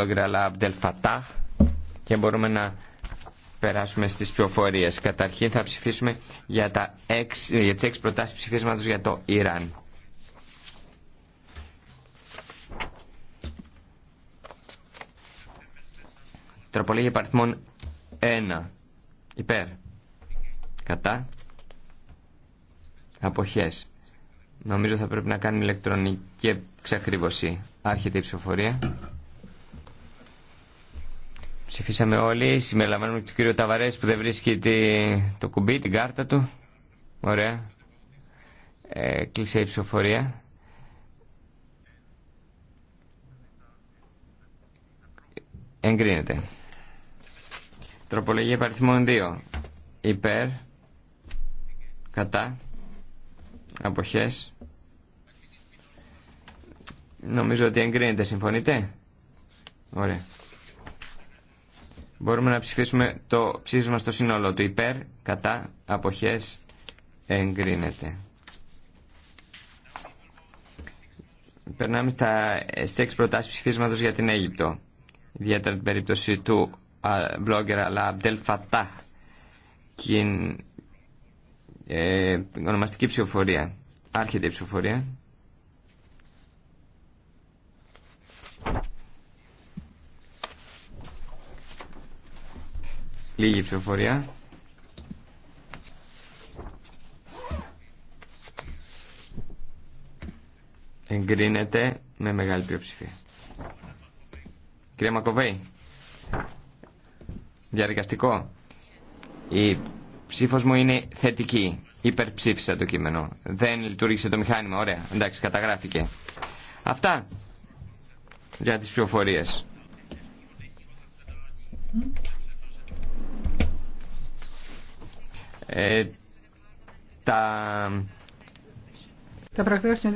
αλλά Abdel Fattah και μπορούμε να περάσουμε στις πληροφορίες. Καταρχήν θα ψηφίσουμε για, τα 6, για τις έξι προτάσεις ψηφίσματος για το Ιράν. Τροπολίγια παρθμών 1. Υπέρ. Κατά. Αποχές. Νομίζω θα πρέπει να κάνουμε ηλεκτρονική ξεχρήβωση. Άρχεται η ψηφοφορία. Ψηφίσαμε όλοι. Συμπεριλαμβάνουμε και τον κύριο ταβαρέ που δεν βρίσκει τη, το κουμπί, την κάρτα του. Ωραία. Ε, κλείσε η ψηφοφορία. Εγκρίνεται. Τροπολογία παριθμών 2. Υπέρ. Κατά. Αποχές. Νομίζω ότι εγκρίνεται. Συμφωνείτε. Ωραία. Μπορούμε να ψηφίσουμε το ψήφισμα στο σύνολο του υπέρ, κατά, αποχές, εγκρίνεται. Περνάμε στα έξι προτάσεις ψηφίσματος για την Αίγυπτο. Ιδιαίτερα την περίπτωση του blogger αλλά Αμπτελ Φατά. Ε, ονομαστική ψηφοφορία. Άρχεται η ψηφοφορία. Λίγη ψηφοφορία. Εγκρίνεται με μεγάλη πλειοψηφία. Κύριε Μακοβέη, διαδικαστικό. Η ψήφος μου είναι θετική. Υπερψήφισα το κείμενο. Δεν λειτουργήσε το μηχάνημα. Ωραία. Εντάξει, καταγράφηκε. Αυτά για τις πληροφορίες. Ε, τα... Τα πρακτικά